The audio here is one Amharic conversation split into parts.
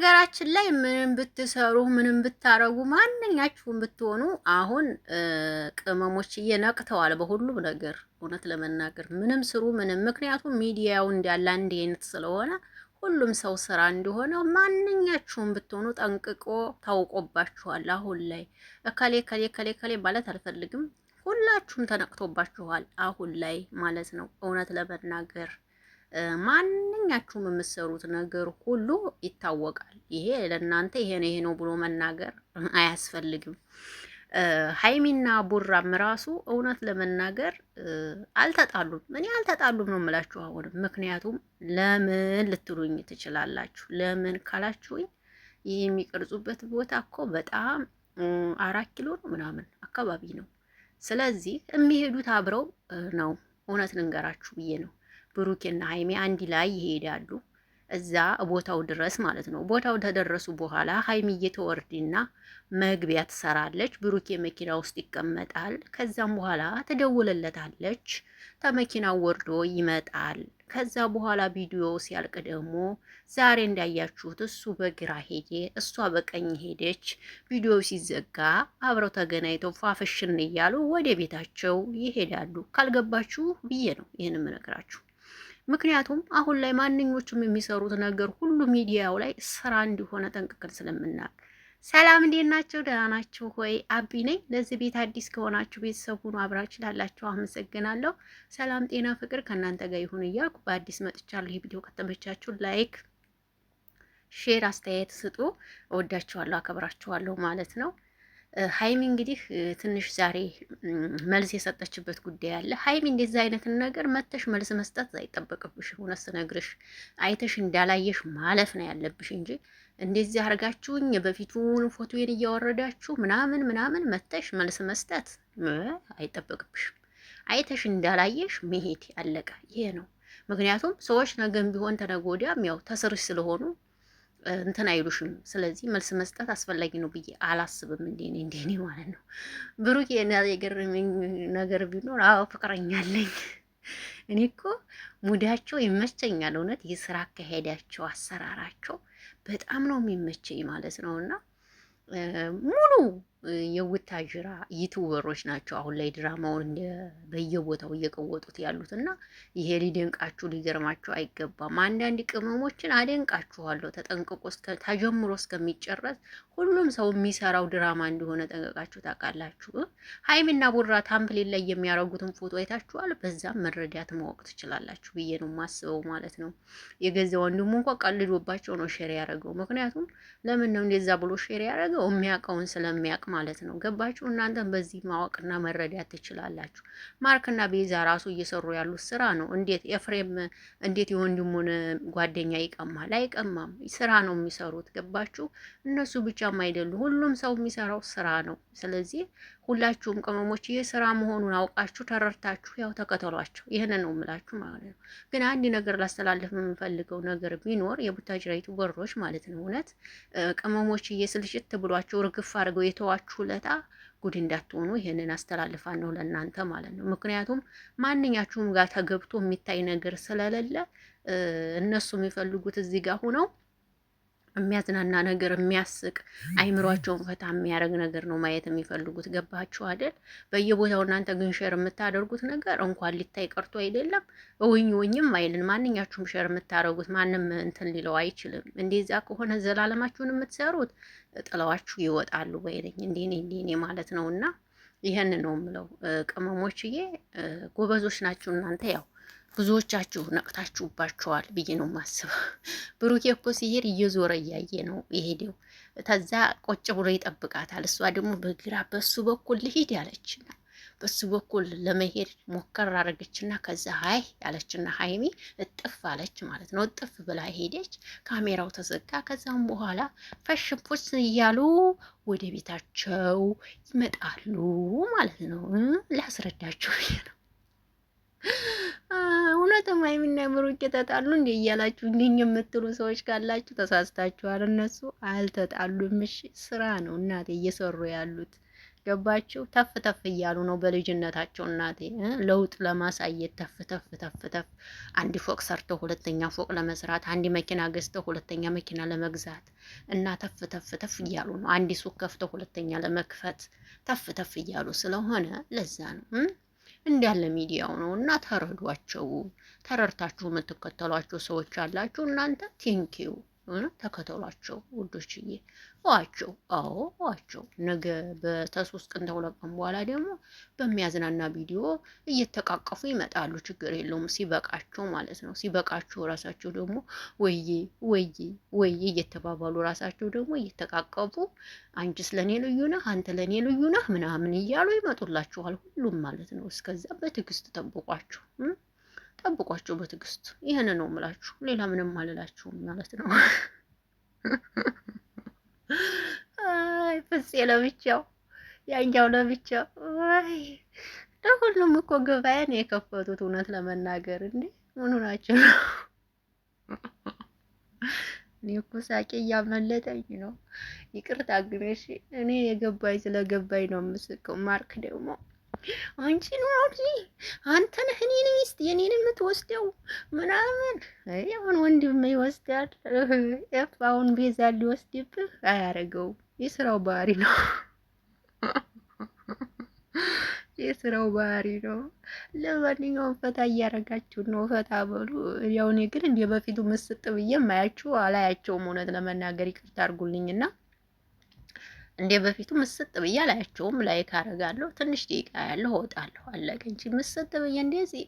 በነገራችን ላይ ምንም ብትሰሩ ምንም ብታረጉ ማንኛችሁም ብትሆኑ አሁን ቅመሞች እየነቅተዋል በሁሉም ነገር። እውነት ለመናገር ምንም ስሩ ምንም፣ ምክንያቱም ሚዲያው እንዳለ አንድ አይነት ስለሆነ ሁሉም ሰው ስራ እንደሆነ ማንኛችሁም ብትሆኑ ጠንቅቆ ታውቆባችኋል። አሁን ላይ እከሌ ከሌ ከሌ ከሌ ማለት አልፈልግም። ሁላችሁም ተነቅቶባችኋል አሁን ላይ ማለት ነው እውነት ለመናገር ማንኛችሁም የምትሰሩት ነገር ሁሉ ይታወቃል። ይሄ ለእናንተ ይሄ ነው ይሄ ነው ብሎ መናገር አያስፈልግም። ሀይሚና ቡራም ራሱ እውነት ለመናገር አልተጣሉም። እኔ አልተጣሉም ነው የምላችሁ አሁንም። ምክንያቱም ለምን ልትሉኝ ትችላላችሁ። ለምን ካላችሁኝ ይህ የሚቀርጹበት ቦታ እኮ በጣም አራት ኪሎ ነው ምናምን አካባቢ ነው። ስለዚህ የሚሄዱት አብረው ነው። እውነት ልንገራችሁ ብዬ ነው። ብሩኬና ሀይሜ አንድ ላይ ይሄዳሉ። እዛ ቦታው ድረስ ማለት ነው። ቦታው ተደረሱ በኋላ ሀይሚዬ ተወርድና መግቢያ ትሰራለች። ብሩኬ መኪና ውስጥ ይቀመጣል። ከዛም በኋላ ትደውልለታለች። ተመኪናው ወርዶ ይመጣል። ከዛ በኋላ ቪዲዮ ሲያልቅ ደግሞ ዛሬ እንዳያችሁት እሱ በግራ ሄደ፣ እሷ በቀኝ ሄደች። ቪዲዮ ሲዘጋ አብረው ተገናኝተው ፏፈሽን እያሉ ወደ ቤታቸው ይሄዳሉ። ካልገባችሁ ብዬ ነው ይህን የምነግራችሁ። ምክንያቱም አሁን ላይ ማንኞቹም የሚሰሩት ነገር ሁሉ ሚዲያው ላይ ስራ እንዲሆነ ጠንቅቀን ስለምናውቅ። ሰላም እንዴት ናቸው? ደህና ናችሁ ሆይ? አቢ ነኝ። ለዚህ ቤት አዲስ ከሆናችሁ ቤተሰብ ሁኑ። አብራችሁ ላላችሁ አመሰግናለሁ። ሰላም፣ ጤና፣ ፍቅር ከእናንተ ጋር ይሁን እያልኩ በአዲስ መጥቻለሁ። ይህ ቪዲዮ ከተመቻችሁ ላይክ፣ ሼር፣ አስተያየት ስጡ። እወዳችኋለሁ፣ አከብራችኋለሁ ማለት ነው። ሀይሚ እንግዲህ ትንሽ ዛሬ መልስ የሰጠችበት ጉዳይ አለ። ሀይሚ እንደዚህ አይነትን ነገር መተሽ መልስ መስጠት አይጠበቅብሽ። እውነት ስነግርሽ አይተሽ እንዳላየሽ ማለፍ ነው ያለብሽ እንጂ እንደዚህ አድርጋችሁኝ በፊቱን ፎቶዬን እያወረዳችሁ ምናምን ምናምን መተሽ መልስ መስጠት አይጠበቅብሽም። አይተሽ እንዳላየሽ መሄድ አለቀ። ይሄ ነው ምክንያቱም ሰዎች ነገም ቢሆን ተነገ ወዲያም ያው ተስርሽ ስለሆኑ እንትን አይሉሽም። ስለዚህ መልስ መስጠት አስፈላጊ ነው ብዬ አላስብም። እንዴኔ እንዴኔ ማለት ነው። ብሩክ የገረመኝ ነገር ቢኖር አዎ ፍቅረኛ አለኝ። እኔ እኮ ሙዳቸው ይመቸኛል። እውነት የስራ አካሄዳቸው፣ አሰራራቸው በጣም ነው የሚመቸኝ ማለት ነው እና ሙሉ የውታጅራ ዩቱበሮች ናቸው አሁን ላይ ድራማውን በየቦታው እየቀወጡት ያሉት እና ይሄ ሊደንቃችሁ ሊገርማችሁ አይገባም። አንዳንድ ቅመሞችን አደንቃችኋለሁ። ተጠንቅቆ ተጀምሮ እስከሚጨረስ ሁሉም ሰው የሚሰራው ድራማ እንደሆነ ጠንቀቃችሁ ታውቃላችሁ። ሀይሚና ቡራ ታምፕሌን ላይ የሚያደርጉትን ፎቶ አይታችኋል። በዛም መረዳት ማወቅ ትችላላችሁ ብዬ ነው የማስበው ማለት ነው። የገዛ ወንድሙ እንኳ ቀልዶባቸው ነው ሼር ያደረገው። ምክንያቱም ለምን ነው እንደዛ ብሎ ሼር ያደረገው? የሚያውቀውን ስለሚያውቅ ማለት ነው። ገባችሁ? እናንተም በዚህ ማወቅና መረዳት ትችላላችሁ። ማርክና ቤዛ ራሱ እየሰሩ ያሉት ስራ ነው። እንዴት ኤፍሬም እንዴት የወንድሙን ጓደኛ ይቀማል? አይቀማም። ስራ ነው የሚሰሩት። ገባችሁ? እነሱ ብቻም አይደሉ፣ ሁሉም ሰው የሚሰራው ስራ ነው። ስለዚህ ሁላችሁም ቅመሞች ይሄ ስራ መሆኑን አውቃችሁ ተረድታችሁ ያው ተከተሏቸው። ይህን ነው የምላችሁ ማለት ነው። ግን አንድ ነገር ላስተላለፍ የምንፈልገው ነገር ቢኖር የቡታጅራይቱ በሮች ማለት ነው እውነት ቅመሞች እየስልሽት ብሏቸው እርግፍ አድርገው የተዋችሁ ለታ ጉድ እንዳትሆኑ ይህንን አስተላልፋለሁ ለእናንተ ማለት ነው። ምክንያቱም ማንኛችሁም ጋር ተገብቶ የሚታይ ነገር ስለሌለ እነሱ የሚፈልጉት እዚህ ጋር ሆነው የሚያዝናና ነገር የሚያስቅ አይምሯቸውን ፈታ የሚያደርግ ነገር ነው ማየት የሚፈልጉት። ገባችሁ አይደል? በየቦታው እናንተ ግን ሸር የምታደርጉት ነገር እንኳን ሊታይ ቀርቶ አይደለም እውኝ ውኝም አይልን። ማንኛችሁም ሸር የምታደርጉት ማንም እንትን ሊለው አይችልም። እንደዚያ ከሆነ ዘላለማችሁን የምትሰሩት ጥለዋችሁ ይወጣሉ። ወይነኝ እንዲኔ እንዲኔ ማለት ነው። እና ይህን ነው የምለው ቅመሞችዬ፣ ጎበዞች ናችሁ እናንተ ያው ብዙዎቻችሁ ነቅታችሁባቸዋል ብዬ ነው የማስበው። ብሩኬ እኮ ሲሄድ እየዞረ እያየ ነው የሄደው። ተዛ ቆጭ ብሎ ይጠብቃታል። እሷ ደግሞ በግራ በሱ በኩል ልሂድ ያለችና በሱ በኩል ለመሄድ ሞከር አረገችና ከዛ ሀይ ያለችና ሀይሚ እጥፍ አለች ማለት ነው። እጥፍ ብላ ሄደች። ካሜራው ተዘጋ። ከዛም በኋላ ፈሽንፎች እያሉ ወደ ቤታቸው ይመጣሉ ማለት ነው። ላስረዳችሁ ነው እውነትም ሀይሚና ብሩኬ ተጣሉ እንዴ እያላችሁ እንዲህ የምትሉ ሰዎች ካላችሁ ተሳስታችኋል። እነሱ አልተጣሉም። እሺ ስራ ነው እናቴ እየሰሩ ያሉት ገባችሁ። ተፍ ተፍ እያሉ ነው በልጅነታቸው እናቴ ለውጥ ለማሳየት ተፍ ተፍ ተፍ ተፍ አንድ ፎቅ ሰርተው ሁለተኛ ፎቅ ለመስራት፣ አንድ መኪና ገዝተው ሁለተኛ መኪና ለመግዛት እና ተፍ ተፍ ተፍ እያሉ ነው። አንድ ሱቅ ከፍተው ሁለተኛ ለመክፈት ተፍ ተፍ እያሉ ስለሆነ ለዛ ነው። እንዳለ ሚዲያው ነው እና ተረዷቸው። ተረድታችሁ የምትከተሏቸው ሰዎች አላችሁ እናንተ ቴንኪው ተከተሏቸው ውዶችዬ፣ እዋቸው። አዎ እዋቸው። ነገ በተሶስት ቀን ተሁለት ቀን በኋላ ደግሞ በሚያዝናና ቪዲዮ እየተቃቀፉ ይመጣሉ። ችግር የለውም ሲበቃቸው ማለት ነው። ሲበቃቸው ራሳቸው ደግሞ ወዬ ወዬ ወዬ እየተባባሉ ራሳቸው ደግሞ እየተቃቀፉ አንቺስ ለእኔ ልዩ ነህ፣ አንተ ለእኔ ልዩ ነህ ምናምን እያሉ ይመጡላችኋል። ሁሉም ማለት ነው። እስከዛ በትዕግስት ጠብቋቸው። ጠብቋቸው በትዕግስት። ይህን ነው የምላችሁ፣ ሌላ ምንም አልላችሁም ማለት ነው። አይ ፍፄ ለብቻው ያኛው ለብቻው። አይ ለሁሉም እኮ ገበያን የከፈቱት እውነት ለመናገር እንዴ ምኑ ናቸው ነው። እኔ እኮ ሳቄ እያመለጠኝ ነው። ይቅርታ ግን እሺ፣ እኔ የገባኝ ስለገባኝ ነው የምስቀው። ማርክ ደግሞ አንቺ ኑሮጂ አንተ ነህ እኔን ሚስት የኔን የምትወስደው ምናምን አይ አሁን ወንድም ይወስዳል። ኤፍ አሁን ቤዛ ሊወስድብህ አያረገውም። የስራው ባህሪ ነው። የስራው ባህሪ ነው። ለማንኛውም ፈታ እያረጋችሁ ነው፣ ፈታ በሉ። ያው እኔ ግን እንደ በፊቱ ምስጥ ብዬ ማያችሁ አላያቸውም። እውነት ለመናገር ይቅርታ አድርጉልኝና እንደ በፊቱ ምስጥ ብዬ አላያቸውም። ላይክ አረጋለሁ፣ ትንሽ ደቂቃ ያለሁ እወጣለሁ። አለቀ እንጂ ምስጥ ብዬ እንደዚህ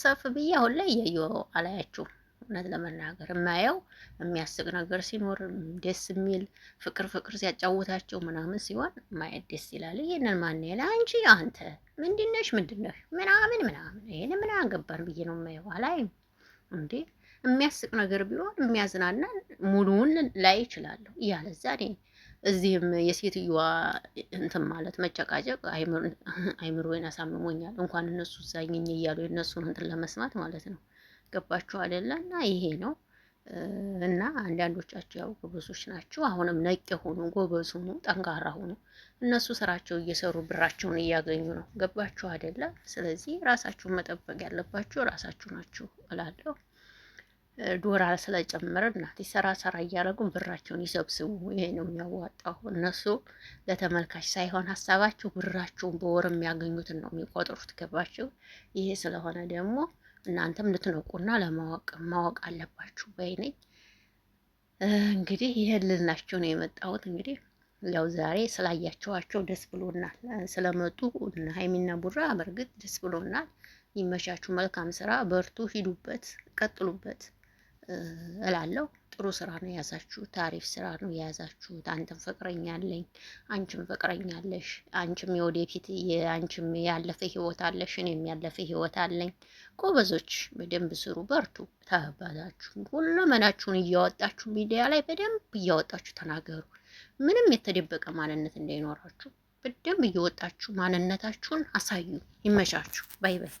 ሰፍ ብዬ አሁን ላይ እያየሁ አላያቸውም። እውነት ለመናገር የማየው የሚያስቅ ነገር ሲኖር ደስ የሚል ፍቅር ፍቅር ሲያጫውታቸው ምናምን ሲሆን ማየት ደስ ይላል። ይህንን ማን ያለ አንቺ አንተ ምንድነሽ ምንድነሽ ምናምን ምናምን ይህን ምን አገባን ብዬ ነው የማየው። አላይም እንዴ የሚያስቅ ነገር ቢሆን የሚያዝናናን ሙሉውን ላይ ይችላለሁ እያለዛ እዚህም የሴትዮዋ እንትን ማለት መጨቃጨቅ ወይን አሳምሞኛል። እንኳን እነሱ ዛኝኝ እያሉ የእነሱን እንትን ለመስማት ማለት ነው። ገባችሁ አይደለ? እና ይሄ ነው እና አንዳንዶቻችሁ ያው ጎበዞች ናችሁ። አሁንም ነቄ ሆኑ፣ ጎበዝ ሆኑ፣ ጠንካራ ሆኑ። እነሱ ስራቸው እየሰሩ ብራቸውን እያገኙ ነው። ገባችሁ አይደለ? ስለዚህ ራሳችሁን መጠበቅ ያለባችሁ ራሳችሁ ናችሁ እላለሁ። ዶራ ስለጨመረ እና ሰራ ሰራ እያደረጉ ብራቸውን ይሰብስቡ። ይሄ ነው የሚያዋጣው። እነሱ ለተመልካች ሳይሆን ሀሳባቸው ብራቸውን በወር የሚያገኙትን ነው የሚቆጥሩት። ገባችሁ? ይሄ ስለሆነ ደግሞ እናንተም ልትነቁና ለማወቅ ማወቅ አለባችሁ ባይ እንግዲህ ይህን ልላችሁ ነው የመጣሁት። እንግዲህ ያው ዛሬ ስላያቸዋቸው ደስ ብሎናል። ስለመጡ ሀይሚና ቡራ በእርግጥ ደስ ብሎናል። ይመቻችሁ። መልካም ስራ፣ በርቱ፣ ሂዱበት፣ ቀጥሉበት። እላለሁ። ጥሩ ስራ ነው የያዛችሁት፣ ታሪፍ ስራ ነው የያዛችሁት። አንተም ፍቅረኛ አለኝ፣ አንቺም ፍቅረኛ አለሽ፣ አንቺም የወደፊት አንቺም ያለፈ ህይወት አለሽ፣ እኔም ያለፈ ህይወት አለኝ። ጎበዞች፣ በደንብ ስሩ፣ በርቱ። ተባላችሁ ሁሉ መናችሁን እያወጣችሁ ሚዲያ ላይ በደንብ እያወጣችሁ ተናገሩ። ምንም የተደበቀ ማንነት እንዳይኖራችሁ በደንብ እየወጣችሁ ማንነታችሁን አሳዩ። ይመሻችሁ። ባይ ባይ።